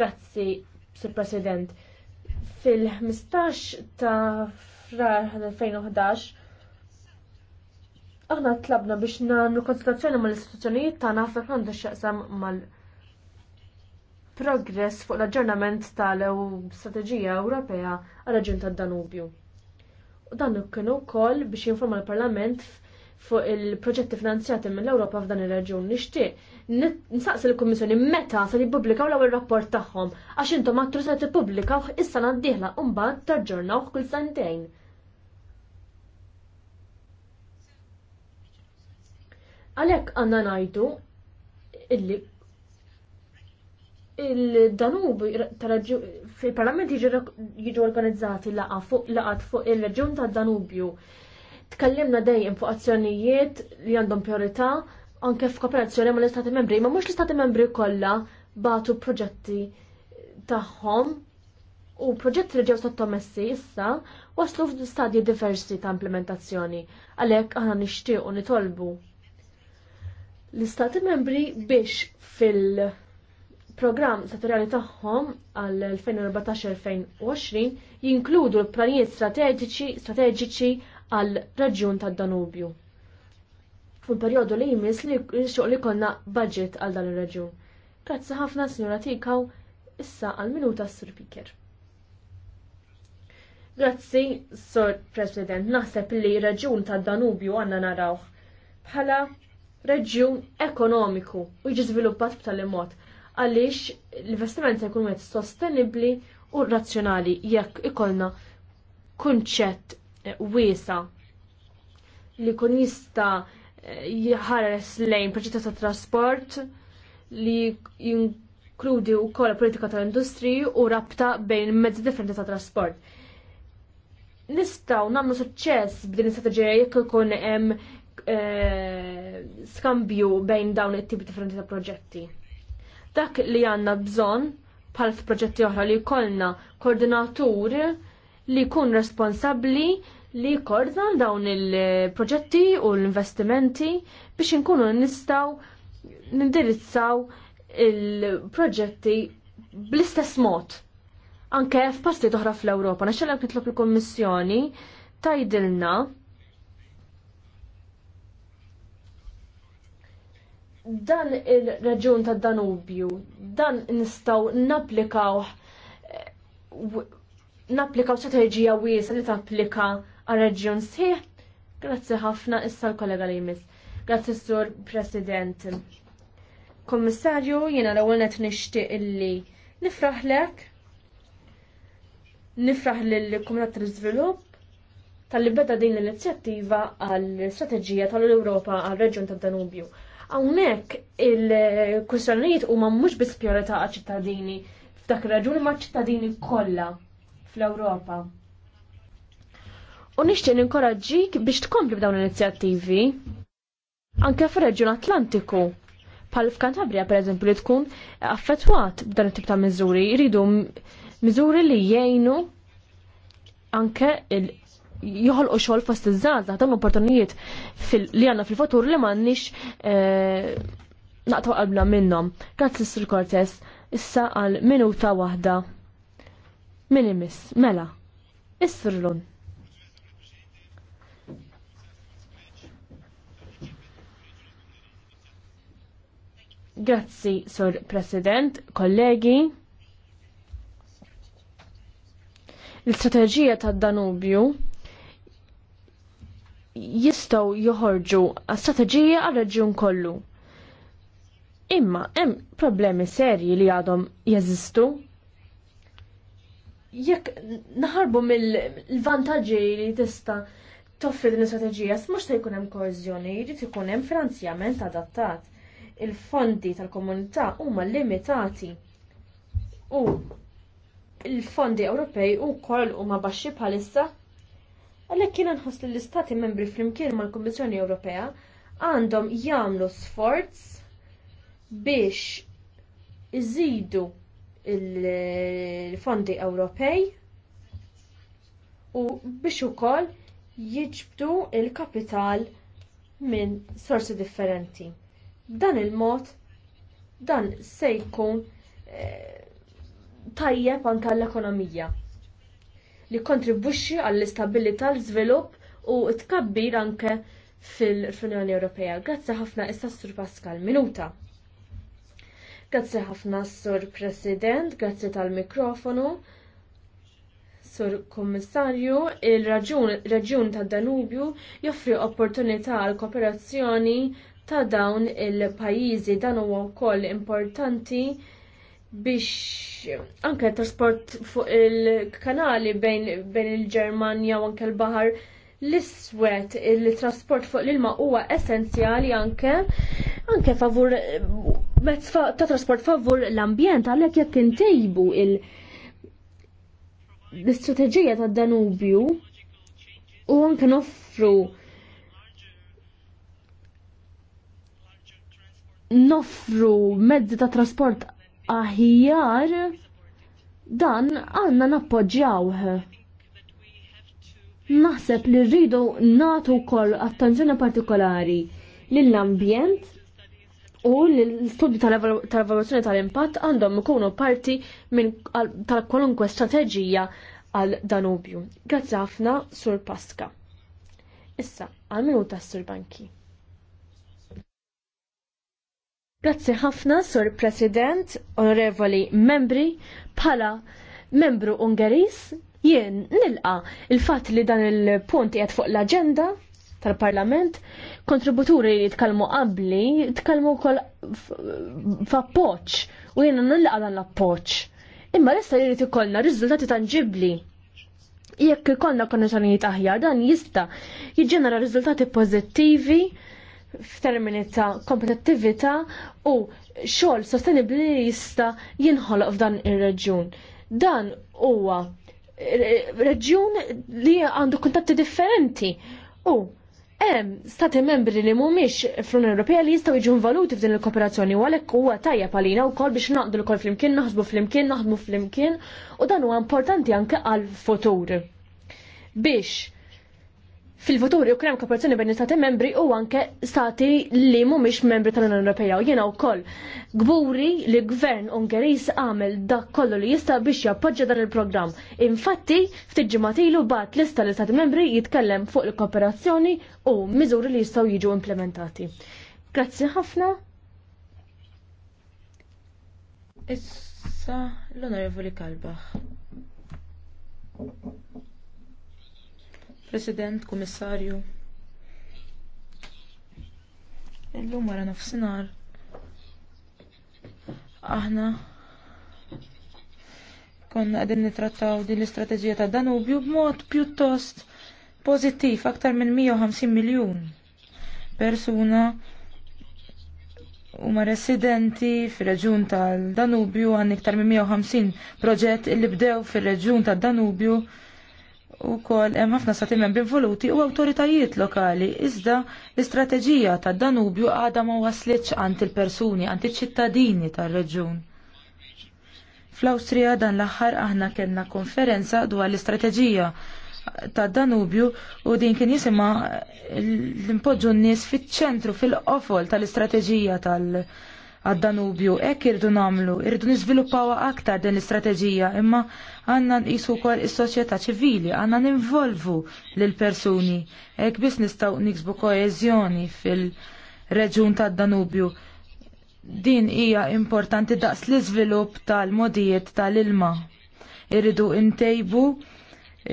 Grazzi, Sur President. Fil-15 ta' frar 2011 Aħna tlabna biex nagħmlu konsultazzjoni mal-istituzzjonijiet tagħna fejn għandu x'jaqsam mal- progress fuq l-aġġornament tal-Strateġija Ewropea għal raġun tad-Danubju. U dan kien wkoll biex jinforma l-Parlament fuq il-proġetti finanzjati mill-Ewropa f'dan ir-reġjun nixtieq nsaqsi l-Kummissjoni meta se jippubblikaw l-ewwel rapport tagħhom għax intom għattru se tippubblikaw issa ngħaddieħla u mbagħad tarġġornawh kull sentejn. Għalhekk għanna ngħidu illi il-Danub fil-parlament jiġu organizzati fuq laqat fuq il-reġjun ta' Danubju. Tkellimna dejjem fuq azzjonijiet li għandhom priorità anke f'kooperazzjoni mal istati membri, ma mhux l-istati membri kollha batu proġetti tagħhom u proġetti li ġew sottomessi issa waslu f'stadji diversi ta' implementazzjoni. Għalhekk aħna nixtiequ nitolbu L-Istati membri biex fil program settorjali tagħhom għal 2014-2020 jinkludu l-planijiet strateġiċi għal raġjun tad danubju Fu l-perjodu li jmiss li xoq li konna budget għal dan ir-raġjun. Grazzi ħafna signora Tikaw issa għal minuta s-Sur Piker. Grazzi, Sur President, naħseb li raġun tad danubju għanna narawh bħala reġjun ekonomiku u jiġi żviluppat b'tali mod għaliex l-investiment se jkun wieħed sostenibbli u razzjonali jekk ikollna kunċett eh, wiesa li kun jista eh, jħares lejn proġetti ta' trasport li jinkludi wkoll politika tal industriju u rabta bejn mezzi differenti ta' trasport nistaw namlu suċċess b'din l-istrateġija jekk ikun hemm eh, skambju bejn dawn it tip differenti ta' proġetti. Dak li għanna bżon bħal f'proġetti oħra li jkollna koordinatur li jkun responsabbli li jkoordna dawn il-proġetti u l-investimenti biex inkunu nistaw nindirizzaw il-proġetti bl-istess mod. Anke f'pasti oħra fl-Ewropa, naxxellek nitlob il-Kommissjoni tajdilna dan il-reġun ta' Danubju, dan nistaw naplikaw eh, naplikaw strategija wiesa li tapplika għal reġjun sħiħ. Grazzi ħafna issa l-kollega li jmiss. Grazzi sur President. Kommissarju, jena l-ewwel qed nixtieq illi nifraħlek. Nifraħ lill-Kumitat tal-Iżvilupp tal-li beda din l-inizjattiva għall-Strateġija tal-Ewropa għal-Reġjun ta' danubju Hawnhekk il u huma mhux biss priorita għal ċittadini f'dak ir-raġuni maċ-ċittadini kollha fl-Ewropa. U nixtieq ninkoraġġik biex tkompli b'dawn l-inizjattivi anke fir-Reġjun Atlantiku. Pal f'Kantabria pereżempju li tkun affettwat b'dan it-tip ta' miżuri, jridu miżuri li jgħinu anke joħolqu xogħol fost iż-żgħażagħ dawn opportunijiet li għandna fil-futur li m'għandniex eh, naqtaw qalbna minnhom. Grazzi Sir Cortez, issa għal minuta waħda. Minimis, mela. Issirlun. Grazzi, Sir President, kollegi. l istrateġija tad-Danubju jistgħu joħorġu għas-strateġija għal-reġjun kollu. Imma hemm problemi serji li għadhom jeżistu. Jekk naħarbu mill-vantaġġi li tista' toffri din is-strateġija' mhux se jkun hemm koeżjoni, jrid ikun hemm finanzjament adattat. Il-fondi tal-komunità huma limitati. U il fondi Ewropej ukoll huma baxxi bħalissa Għalhekk jiena nħoss li l-Istati membri flimkien mal-Kummissjoni Ewropea għandhom jagħmlu sforz biex iżidu il-fondi Ewropej u biex ukoll jiġbdu l kapital minn sorsi differenti. B'dan il-mod dan se jkun eh, tajjeb anka l-ekonomija li kontribwixxi għall-istabilità l żvilupp u tkabbir anke fil-Unjoni Ewropea. Grazzi ħafna issa Sur Pascal Minuta. Grazzi ħafna Sur President, grazzi tal-mikrofonu. Sur Kommissarju, il-Raġun tad Danubju joffri opportunità għal kooperazzjoni ta' dawn il-pajjiżi dan huwa wkoll importanti biex anke trasport fuq il-kanali bejn, il-Ġermanja u anke l-Bahar l-iswed il-trasport fuq l-ilma huwa essenzjali anke anke favur mezz ta' trasport favur l-ambjent għalhekk jekk intejbu il- l-istrateġija ta' Danubju u anke noffru noffru mezzi ta' trasport aħjar dan għanna nappoġġjawh. Naħseb li rridu natu kol attenzjoni partikolari lill-ambjent u l-studju tal-evaluazzjoni tal-impatt għandhom ikunu parti minn tal-kwalunkwe strateġija għal Danubju. Grazzi ħafna Sur Pasqa. Issa, għal minuta Sur Banki. Grazzi ħafna, Sur President, Onorevoli Membri, bħala Membru Ungeris, jien nilqa il-fat li dan il-punt jgħed fuq l-agenda tal-Parlament, kontributuri li tkalmu qabli, tkalmu kol f'appoċ, u jien nilqa dan l-appoċ. Imma l-issa li ikollna riżultati tangibli jekk ikollna konnessjonijiet aħjar dan jista' jiġġenera riżultati pożittivi f'termini ta' kompetittività u xogħol sostenibbli li jista' jinħoloq f'dan ir-reġjun. Dan huwa reġjun li għandu kuntatti differenti u hemm stati membri li mhumiex fl-Unjoni Ewropea li jistgħu jiġu involuti f'din il-kooperazzjoni u għalhekk huwa tajjeb għalina wkoll biex naqdu l-kol flimkien, naħsbu flimkien, naħdmu flimkien u dan huwa importanti anke għal-futur. Biex fil-futuri u krem kooperazzjoni bejn stati membri u anke stati li mhumiex membri tal-Unjoni Ewropea u jiena wkoll gburi li gvern Ungeris għamel dak kollu li jista' biex jappoġġa dan il-programm. Infatti, ftit ġimgħat ilu bat lista li stati membri jitkellem fuq il-kooperazzjoni u miżuri li jistgħu jiġu implementati. Grazzi ħafna. Issa l-Onorevoli Kalbach. President, Kummissarju. Illum wara nofsinhar aħna konna qegħdin nitrattaw din l-istrateġija ta' Danubju b'mod pjuttost pożittiv aktar minn 150 miljun persuna huma residenti fir-reġjun tal-Danubju għan iktar minn 150 proġett li bdew fir-reġjun tad-Danubju u kol hemm ħafna stati membri voluti u awtoritajiet lokali iżda l-istrateġija ta' Danubju għadha ma waslitx għand il-persuni, għand il ċittadini tar-reġun. Fl-Awstrija dan l-aħħar aħna kellna konferenza dwar l-istrateġija ta' Danubju u din kien jisima l impoġu n-nies fiċ-ċentru fil-qofol tal-istrateġija tal-, -istrateġija tal istrateġija għad-Danubju. Ek irdu namlu, irdu nizviluppaw aktar din l-istrateġija, imma għanna nqisu kol is-soċjetà ċivili, għanna ninvolvu l-persuni. Ek bis nistaw niksbu koezjoni fil-reġun tad danubju Din hija importanti daqs l-iżvilupp tal-modijiet tal-ilma. Irridu intejbu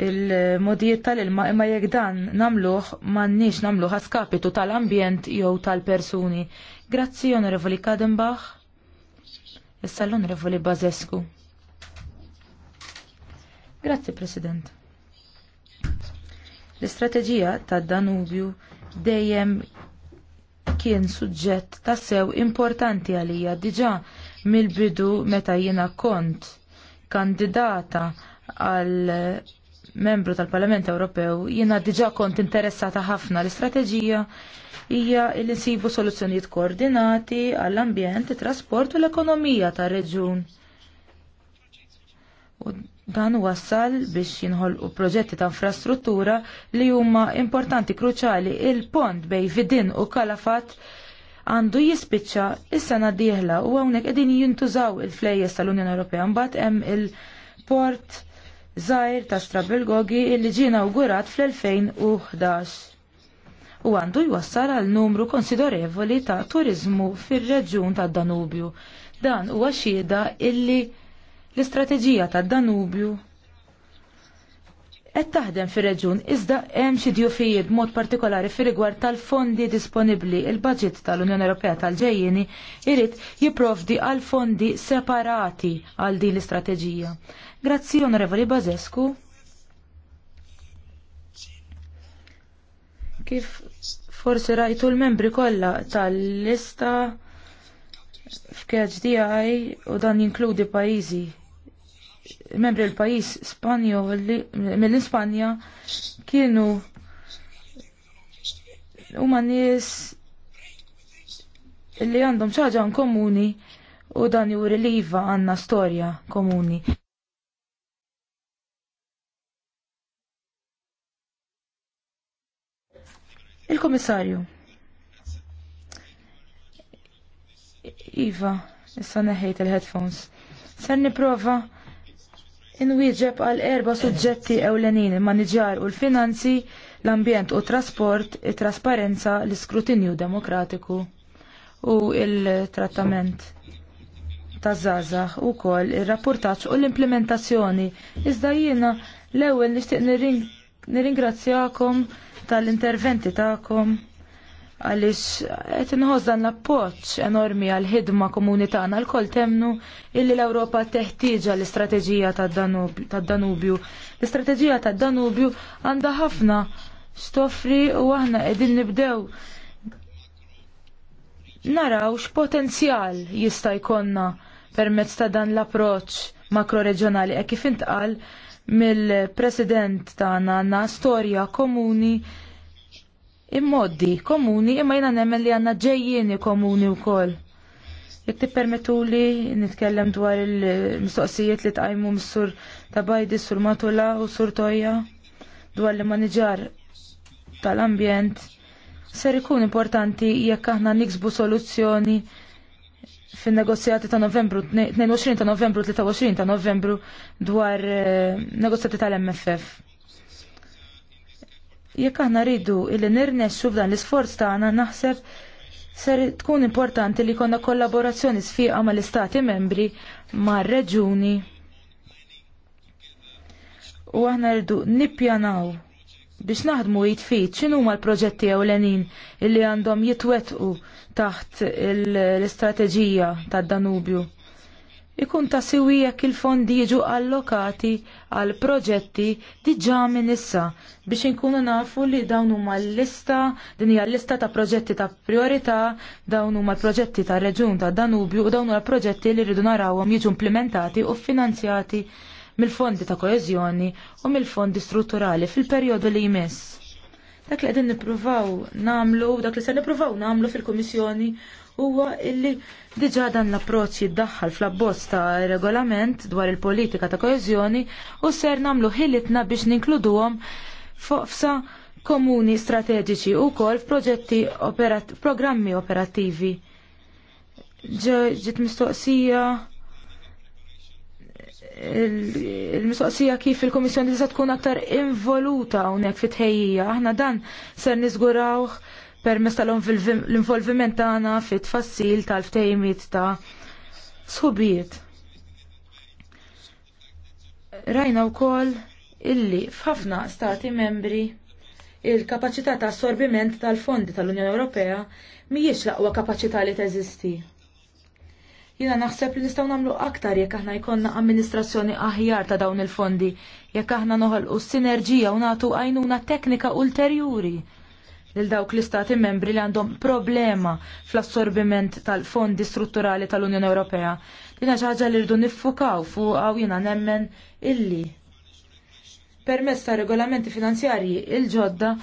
il-modijiet tal-ilma imma jekk dan namluħ m'għandniex namluħ għaskapitu tal-ambjent jew tal-persuni. Grazzi, onorevoli Kadenbach. Issa l-onorevoli Bazescu. Grazzi, President. L-istrateġija ta' Danubju dejjem kien suġġett ta' sew importanti għalija diġa mill-bidu meta jiena kont kandidata għal membru tal-Parlament Ewropew, jiena diġa' kont interessata ħafna l-istrateġija hija li nsibu soluzzjonijiet koordinati għall-ambjent, it-trasport u l-ekonomija tar-reġjun. U dan wassal biex jinħolqu proġetti ta' infrastruttura li huma importanti kruċali il-pont bej Vidin u Kalafat għandu jispiċċa is-sena d dieħla u hawnhekk qegħdin jintużaw il-flejjes tal-Unjoni Ewropea mbagħad hemm il-port żgħir ta' strabilgogi illi ġie inawgurat fl-2011 u għandu jwassal għal numru konsiderevoli ta' turiżmu fir-reġjun tad Danubju. Dan huwa xieda illi l-istrateġija ta' Danubju qed taħdem fir-reġun iżda hemm xi djufijiet mod partikolari fir-rigward tal-fondi disponibbli il-budget tal-Unjoni Ewropea tal-ġejjieni irid jipprovdi għal fondi separati għal din l-istrateġija. Grazzi Onorevoli Bazescu. Kif forsi rajtu l-membri kollha tal-lista f'KHDI u dan jinkludi pajjiżi membri l-pajis Spanjoli mill-Ispanja kienu huma nies li għandhom ċaġa komuni u dan juri li iva għandna storja komuni. Il-Komissarju. Iva, issa neħejt il-headphones. Ser niprofa inwieġeb għal erba' suġġetti ewlenin il-maniġjar u l-finanzi, l-ambjent u trasport, it-trasparenza, l-iskrutinju demokratiku u il-trattament taż u ukoll ir-rapportaġġ u l-implementazzjoni. Iżda jiena l-ewwel nixtieq nirringrazzjakom tal-interventi tagħkom għalix qed nħozzan l-appoġġ enormi għal ħidma komuni tagħna l-koll temnu illi l-Ewropa teħtieġa l-istrateġija tad-Danubju. L-istrateġija tad-Danubju għandha ħafna stofri u aħna qegħdin nibdew naraw x'potenzjal jista' jkollna permezz ta' dan l-approċċ makroreġjonali hekk intqal mill-president tagħna għandna storja komuni immoddi komuni imma jina nemmen li għanna ġejjieni komuni u kol. Jek permetu li nitkellem dwar il-mistoqsijiet li tqajmu mis-sur ta' Bajdi, sur Matula u sur Toja dwar li maniġar tal-ambjent ser ikun importanti jekk aħna niksbu soluzzjoni fin negozjati ta' novembru, 22 ta' novembru, 23 ta' novembru dwar negozjati tal-MFF Jekk aħna rridu illi nirnexxu f'dan l-isforz tagħna naħseb ser tkun importanti li jkollna kollaborazzjoni sfiqa mal-istati membri mar-reġuni u aħna rridu nippjanaw biex naħdmu jitfit x'inhuma l-proġetti ewlenin illi għandhom jitwetqu taħt l-istrateġija tad-Danubju ikun ta' siwi jekk il-fondi jiġu allokati għal proġetti diġa minn issa biex inkunu nafu li dawn huma l-lista, din hija l-lista ta' proġetti ta' priorità, dawn huma l-proġetti ta' reġun ta' Danubju u dawn huma l-proġetti li rridu narawhom jiġu implementati u finanzjati mill-fondi ta' koeżjoni u mill-fondi strutturali fil-perjodu li jmiss. Dak li qegħdin nippruvaw nagħmlu, dak li se nippruvaw nagħmlu fil-Kummissjoni huwa illi diġa' dan l-approċċ jiddaħħal fl-abbozz ta' regolament dwar il-politika ta' koeżjoni u ser nagħmlu ħilitna biex ninkluduhom f'oqsa komuni strateġiċi u kol f'proġetti operat programmi operattivi. Ġiet mistoqsija il-mistoqsija kif il-Komissjoni tista' tkun aktar involuta hawnhekk fit-tħejjija. Aħna dan ser niżguraw permess tal-involviment tagħna fit tfassil tal-ftejmiet ta' sħubijiet. Rajna wkoll illi f'ħafna stati membri il-kapaċità ta' assorbiment tal-fondi tal-Unjoni Ewropea mhijiex l'aqwa aqwa kapaċità li teżisti. Jiena naħseb li nistgħu nagħmlu aktar jekk aħna jkollna amministrazzjoni aħjar ta' dawn il-fondi, jekk aħna noħolqu sinerġija u nagħtu għajnuna teknika ulterjuri lil dawk l-istati membri li għandhom problema fl-assorbiment tal-fondi strutturali tal-Unjoni Ewropea. Dina ħaġa li rridu niffukaw fuq għaw jina nemmen illi. Permezz ta' regolamenti finanzjarji il-ġodda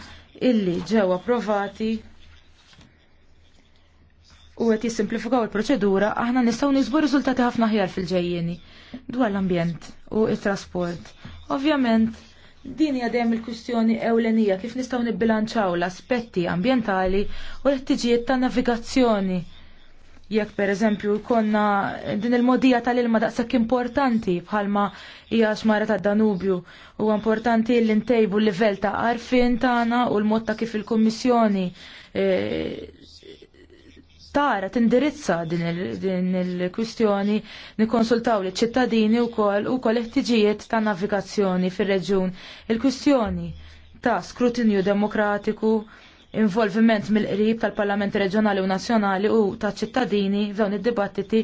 illi ġew approvati u qed jissimplifikaw il-proċedura aħna nistgħu niżbu riżultati ħafna ħjar fil ġejjeni dwar l-ambjent u il trasport Ovvjament, Din hija dejjem il-kwistjoni ewlenija kif nistgħu nibbilanċaw l-aspetti ambjentali u l-ħtiġijiet ta' navigazzjoni. Jekk pereżempju konna din il-modija tal-ilma daqshekk importanti bħalma hija xmara ta' Danubju u importanti l ntejbu l-livell ta' arfin tagħna u l-mod ta' kif il-Kummissjoni eh, tara tindirizza din il-kwistjoni nikkonsultaw li ċittadini u kol u kol ħtiġijiet ta' navigazzjoni fil-reġun. Il-kwistjoni ta' skrutinju demokratiku, involviment mill-qrib tal parlament Reġjonali u Nazzjonali u ta' ċittadini f'dawn id-dibattiti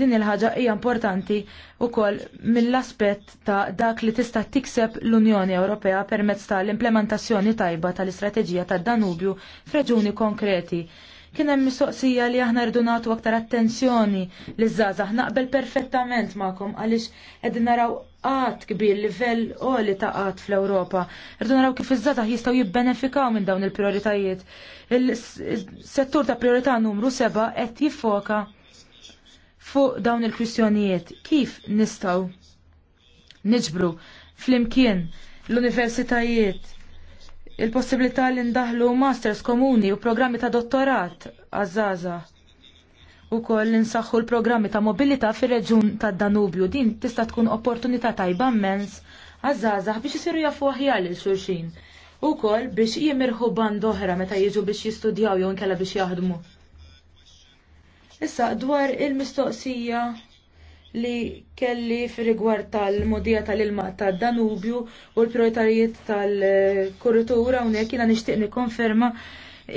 din il-ħaġa hija importanti wkoll mill-aspett ta' dak li tista' tikseb l-Unjoni Ewropea permezz tal-implementazzjoni tajba tal-istrateġija tad-Danubju f'reġuni konkreti. Kien hemm mistoqsija li aħna rridu nagħtu aktar attenzjoni li żgħażagħ naqbel perfettament magħkom għaliex qegħdin naraw qatt kbir livell għoli ta' qatt fl-Ewropa. Rridu naraw kif iż-żgħażagħ jistgħu jibbenefikaw minn dawn il-prioritajiet. Il-settur ta' priorità numru seba' qed jiffoka fuq dawn il-kwistjonijiet. Kif nistgħu niġbru flimkien l-universitajiet il-possibilità li ndaħlu masters komuni u programmi ta' dottorat għazzaza. U koll insaħħu l-programmi ta' mobilita fir-reġun ta' Danubju din tista' tkun opportunità tajba immens għazzaza biex isiru jafu aħjar lil xulxin. U koll biex jimirħu band oħra meta jiġu biex jistudjaw jew inkella biex jaħdmu. Issa dwar il-mistoqsija li kelli f'rigward rigward tal-modija tal-ilma tad-Danubju u l-prioritajiet tal-kurritura hawnhekk jiena nixtieq nikkonferma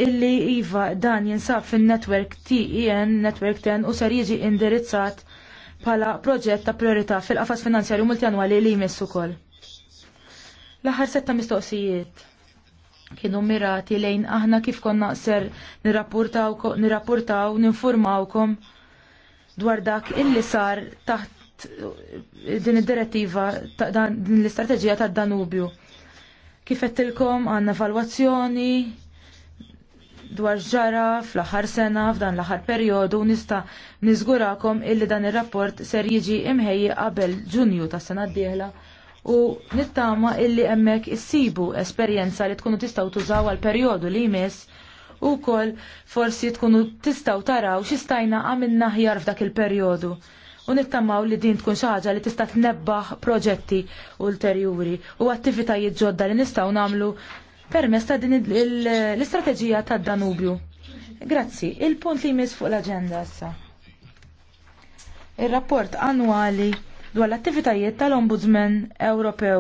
illi iva dan jinsab fin-netwerk TEN, netwerk TEN u ser jiġi indirizzat bħala proġett ta' priorità fil-qafas finanzjarju multjanwali li jmiss ukoll. L-aħħar setta mistoqsijiet kienu mirati lejn aħna kif konna ser nirrapportaw, nirrapportaw, ninformawkom. Nir dwar dak illi sar taħt eh, din id-direttiva din l-istrateġija ta' Danubju. Kif ilkom għandna evalwazzjoni dwar ġara fl-aħħar sena f'dan l-aħħar perjodu nista' niżgurakom illi dan ir-rapport ser jiġi imħejji qabel Ġunju tas sena d-dieħla u nittama illi hemmhekk issibu esperjenza li tkunu tistgħu tużaw għal perjodu li jmiss u kol forsi tkunu tistaw taraw xistajna għamilna ħjar f'dak il-periodu. U nittamaw li din tkun xaħġa li tista' tnebbaħ proġetti ulterjuri u attivitajiet ġodda li nistaw namlu permess ta' din l-istrateġija ta' Danubju. Grazzi, il-punt li jmiss fuq l-agenda issa. Il-rapport annwali dwar l-attivitajiet tal-Ombudsman Ewropew.